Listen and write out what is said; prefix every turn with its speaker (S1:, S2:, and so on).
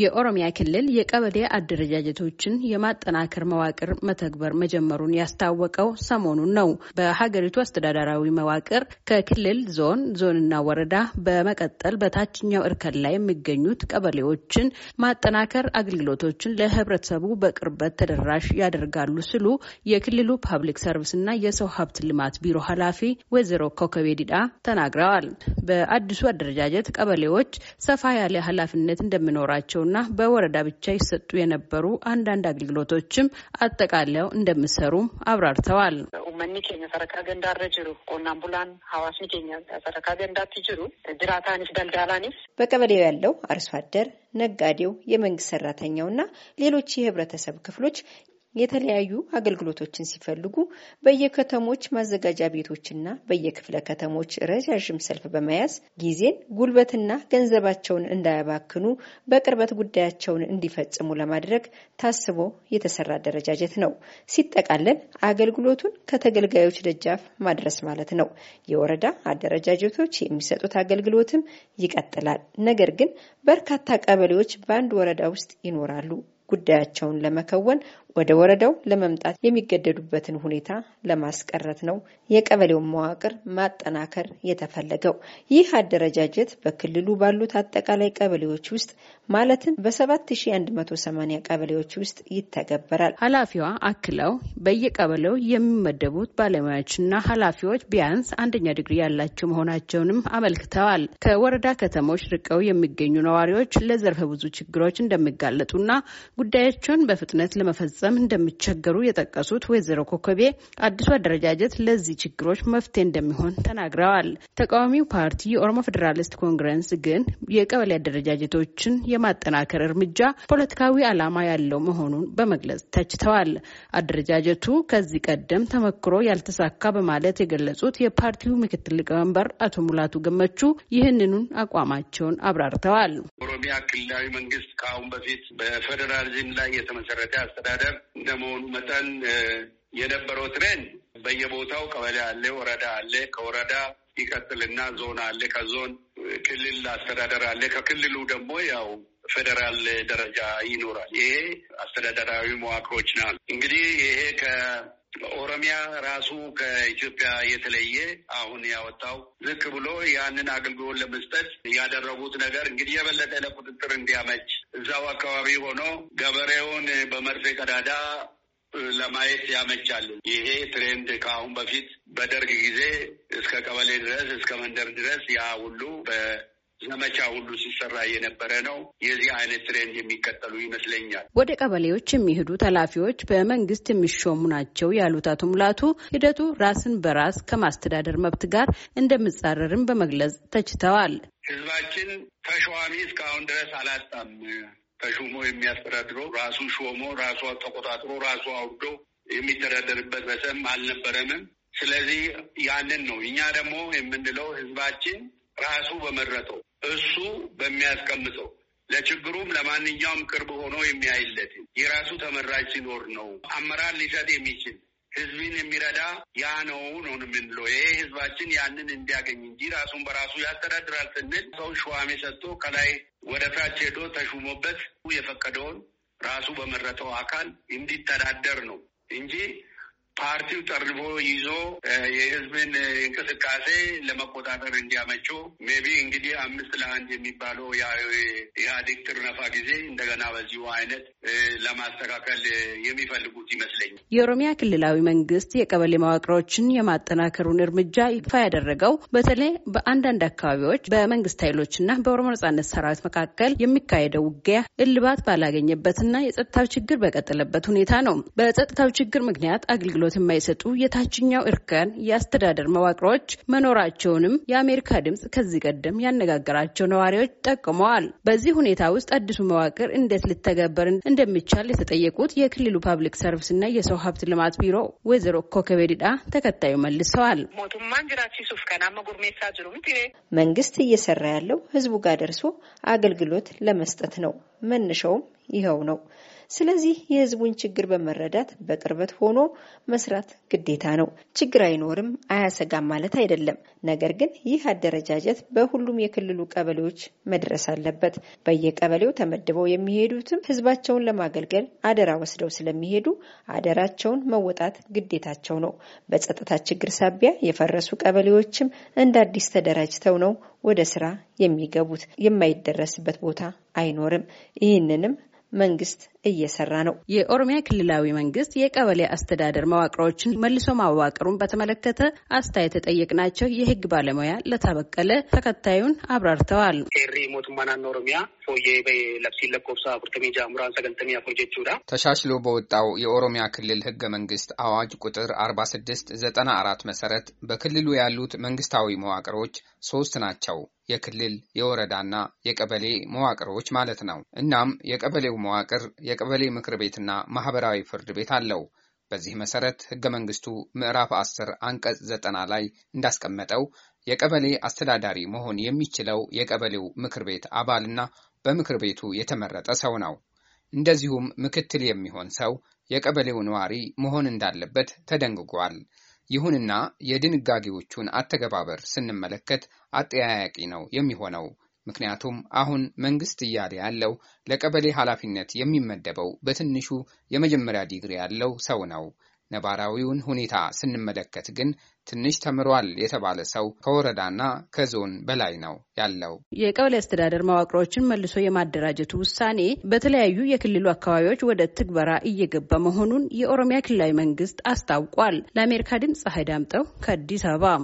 S1: የኦሮሚያ ክልል የቀበሌ አደረጃጀቶችን የማጠናከር መዋቅር መተግበር መጀመሩን ያስታወቀው ሰሞኑን ነው። በሀገሪቱ አስተዳደራዊ መዋቅር ከክልል ዞን፣ ዞንና ወረዳ በመቀጠል በታችኛው እርከን ላይ የሚገኙት ቀበሌዎችን ማጠናከር አገልግሎቶችን ለህብረተሰቡ በቅርበት ተደራሽ ያደርጋሉ ሲሉ የክልሉ ፓብሊክ ሰርቪስና የሰው ሀብት ልማት ቢሮ ኃላፊ ወይዘሮ ኮከቤ ዲዳ ተናግረዋል። በአዲሱ አደረጃጀት ቀበሌዎች ሰፋ ያለ ኃላፊነት እንደሚኖራቸው የነበሩና በወረዳ ብቻ ይሰጡ የነበሩ አንዳንድ አገልግሎቶችም አጠቃለው እንደሚሰሩም አብራርተዋል። ኡመኒ ኬኛ ሰረካ ገንዳረ ጅሩ ቆናን ቡላን ሀዋስኒ ኬኛ ሰረካ ገንዳት ጅሩ ድራታኒስ ደልዳላኒስ
S2: በቀበሌው ያለው አርሶ አደር፣ ነጋዴው፣ የመንግስት ሰራተኛው ሰራተኛውና ሌሎች የህብረተሰብ ክፍሎች የተለያዩ አገልግሎቶችን ሲፈልጉ በየከተሞች ማዘጋጃ ቤቶችና በየክፍለ ከተሞች ረዣዥም ሰልፍ በመያዝ ጊዜን፣ ጉልበትና ገንዘባቸውን እንዳያባክኑ በቅርበት ጉዳያቸውን እንዲፈጽሙ ለማድረግ ታስቦ የተሰራ አደረጃጀት ነው። ሲጠቃለል አገልግሎቱን ከተገልጋዮች ደጃፍ ማድረስ ማለት ነው። የወረዳ አደረጃጀቶች የሚሰጡት አገልግሎትም ይቀጥላል። ነገር ግን በርካታ ቀበሌዎች በአንድ ወረዳ ውስጥ ይኖራሉ። ጉዳያቸውን ለመከወን ወደ ወረዳው ለመምጣት የሚገደዱበትን ሁኔታ ለማስቀረት ነው የቀበሌውን መዋቅር ማጠናከር የተፈለገው። ይህ አደረጃጀት በክልሉ ባሉት አጠቃላይ ቀበሌዎች ውስጥ ማለትም
S1: በ7180 ቀበሌዎች ውስጥ ይተገበራል። ኃላፊዋ አክለው በየቀበሌው የሚመደቡት ባለሙያዎችና ኃላፊዎች ቢያንስ አንደኛ ዲግሪ ያላቸው መሆናቸውንም አመልክተዋል። ከወረዳ ከተሞች ርቀው የሚገኙ ነዋሪዎች ለዘርፈ ብዙ ችግሮች እንደሚጋለጡና ጉዳያቸውን በፍጥነት ለመፈጸም ለመፈጸም እንደሚቸገሩ የጠቀሱት ወይዘሮ ኮከቤ አዲሱ አደረጃጀት ለዚህ ችግሮች መፍትሄ እንደሚሆን ተናግረዋል። ተቃዋሚው ፓርቲ የኦሮሞ ፌዴራሊስት ኮንግረስ ግን የቀበሌ አደረጃጀቶችን የማጠናከር እርምጃ ፖለቲካዊ ዓላማ ያለው መሆኑን በመግለጽ ተችተዋል። አደረጃጀቱ ከዚህ ቀደም ተመክሮ ያልተሳካ በማለት የገለጹት የፓርቲው ምክትል ሊቀመንበር አቶ ሙላቱ ገመቹ ይህንኑን አቋማቸውን አብራርተዋል። ኦሮሚያ ክልላዊ መንግስት ከአሁን በፊት በፌዴራሊዝም
S3: ላይ የተመሰረተ አስተዳደር እንደመሆኑ መጠን የነበረው ትሬንድ በየቦታው ቀበሌ አለ፣ ወረዳ አለ፣ ከወረዳ ይቀጥልና ዞን አለ፣ ከዞን ክልል አስተዳደር አለ፣ ከክልሉ ደግሞ ያው ፌዴራል ደረጃ ይኖራል። ይሄ አስተዳደራዊ መዋቅሮች ና እንግዲህ ይሄ ከኦሮሚያ ራሱ ከኢትዮጵያ የተለየ አሁን ያወጣው ዝቅ ብሎ ያንን አገልግሎት ለመስጠት ያደረጉት ነገር እንግዲህ የበለጠ ለቁጥጥር እንዲያመች እዛው አካባቢ ሆኖ ገበሬውን በመርፌ ቀዳዳ ለማየት ያመቻል። ይሄ ትሬንድ ከአሁን በፊት በደርግ ጊዜ እስከ ቀበሌ ድረስ እስከ መንደር ድረስ ያ ሁሉ ዘመቻ ሁሉ ሲሰራ የነበረ ነው። የዚህ አይነት ትሬንድ የሚቀጠሉ ይመስለኛል።
S1: ወደ ቀበሌዎች የሚሄዱ ኃላፊዎች በመንግስት የሚሾሙ ናቸው ያሉት አቶ ሙላቱ ሂደቱ ራስን በራስ ከማስተዳደር መብት ጋር እንደምጻረርም በመግለጽ ተችተዋል። ህዝባችን ተሿሚ እስካሁን ድረስ አላጣም። ተሹሞ
S3: የሚያስተዳድረው ራሱ ሾሞ ራሱ ተቆጣጥሮ ራሱ አውዶ የሚተዳደርበት በሰም አልነበረምም። ስለዚህ ያንን ነው እኛ ደግሞ የምንለው ህዝባችን ራሱ በመረጠው እሱ በሚያስቀምጠው ለችግሩም ለማንኛውም ቅርብ ሆኖ የሚያይለት የራሱ ተመራጭ ሲኖር ነው አመራር ሊሰጥ የሚችል ህዝብን የሚረዳ ያ ነው ነው የምንለው። ይሄ ህዝባችን ያንን እንዲያገኝ እንጂ ራሱን በራሱ ያስተዳድራል ስንል ሰው ሸዋሚ ሰጥቶ ከላይ ወደ ታች ሄዶ ተሹሞበት የፈቀደውን ራሱ በመረጠው አካል እንዲተዳደር ነው እንጂ ፓርቲው ጠርቦ ይዞ የህዝብን እንቅስቃሴ ለመቆጣጠር እንዲያመቹ ሜቢ እንግዲህ አምስት ለአንድ የሚባለው የኢህአዴግ ጥርነፋ ጊዜ እንደገና በዚሁ አይነት ለማስተካከል የሚፈልጉት
S1: ይመስለኛል። የኦሮሚያ ክልላዊ መንግስት የቀበሌ መዋቅሮችን የማጠናከሩን እርምጃ ይፋ ያደረገው በተለይ በአንዳንድ አካባቢዎች በመንግስት ኃይሎችና በኦሮሞ ነጻነት ሰራዊት መካከል የሚካሄደው ውጊያ እልባት ባላገኘበትና የጸጥታው ችግር በቀጠለበት ሁኔታ ነው። በጸጥታው ችግር ምክንያት አገልግሎት አገልግሎት የማይሰጡ የታችኛው እርከን የአስተዳደር መዋቅሮች መኖራቸውንም የአሜሪካ ድምፅ ከዚህ ቀደም ያነጋገራቸው ነዋሪዎች ጠቅመዋል። በዚህ ሁኔታ ውስጥ አዲሱ መዋቅር እንዴት ሊተገበር እንደሚቻል የተጠየቁት የክልሉ ፓብሊክ ሰርቪስ እና የሰው ሀብት ልማት ቢሮ ወይዘሮ ኮከቤዲዳ ተከታዩ መልሰዋል።
S2: መንግስት እየሰራ ያለው ህዝቡ ጋር ደርሶ አገልግሎት ለመስጠት ነው። መነሻውም ይኸው ነው። ስለዚህ የህዝቡን ችግር በመረዳት በቅርበት ሆኖ መስራት ግዴታ ነው። ችግር አይኖርም አያሰጋም ማለት አይደለም። ነገር ግን ይህ አደረጃጀት በሁሉም የክልሉ ቀበሌዎች መድረስ አለበት። በየቀበሌው ተመድበው የሚሄዱትም ህዝባቸውን ለማገልገል አደራ ወስደው ስለሚሄዱ አደራቸውን መወጣት ግዴታቸው ነው። በጸጥታ ችግር ሳቢያ የፈረሱ ቀበሌዎችም እንደ አዲስ ተደራጅተው ነው ወደ ስራ የሚገቡት። የማይደረስበት ቦታ አይኖርም።
S1: ይህንንም መንግስት እየሰራ ነው። የኦሮሚያ ክልላዊ መንግስት የቀበሌ አስተዳደር መዋቅሮችን መልሶ ማዋቅሩን በተመለከተ አስተያየት የጠየቅናቸው የህግ ባለሙያ ለታበቀለ ተከታዩን አብራርተዋል።
S4: ተሻሽሎ በወጣው የኦሮሚያ ክልል ህገ መንግስት አዋጅ ቁጥር 4694 መሰረት በክልሉ ያሉት መንግስታዊ መዋቅሮች ሶስት ናቸው። የክልል የወረዳና የቀበሌ መዋቅሮች ማለት ነው። እናም የቀበሌው መዋቅር የቀበሌ ምክር ቤትና ማህበራዊ ፍርድ ቤት አለው። በዚህ መሰረት ህገ መንግስቱ ምዕራፍ 10 አንቀጽ 90 ላይ እንዳስቀመጠው የቀበሌ አስተዳዳሪ መሆን የሚችለው የቀበሌው ምክር ቤት አባልና በምክር ቤቱ የተመረጠ ሰው ነው። እንደዚሁም ምክትል የሚሆን ሰው የቀበሌው ነዋሪ መሆን እንዳለበት ተደንግጓል። ይሁንና የድንጋጌዎቹን አተገባበር ስንመለከት አጠያያቂ ነው የሚሆነው። ምክንያቱም አሁን መንግስት እያለ ያለው ለቀበሌ ኃላፊነት የሚመደበው በትንሹ የመጀመሪያ ዲግሪ ያለው ሰው ነው። ነባራዊውን ሁኔታ ስንመለከት ግን ትንሽ ተምሯል የተባለ ሰው ከወረዳና ከዞን በላይ ነው ያለው።
S1: የቀበሌ አስተዳደር መዋቅሮችን መልሶ የማደራጀቱ ውሳኔ በተለያዩ የክልሉ አካባቢዎች ወደ ትግበራ እየገባ መሆኑን የኦሮሚያ ክልላዊ መንግስት አስታውቋል። ለአሜሪካ ድምፅ ፀሐይ ዳምጠው ከአዲስ አበባ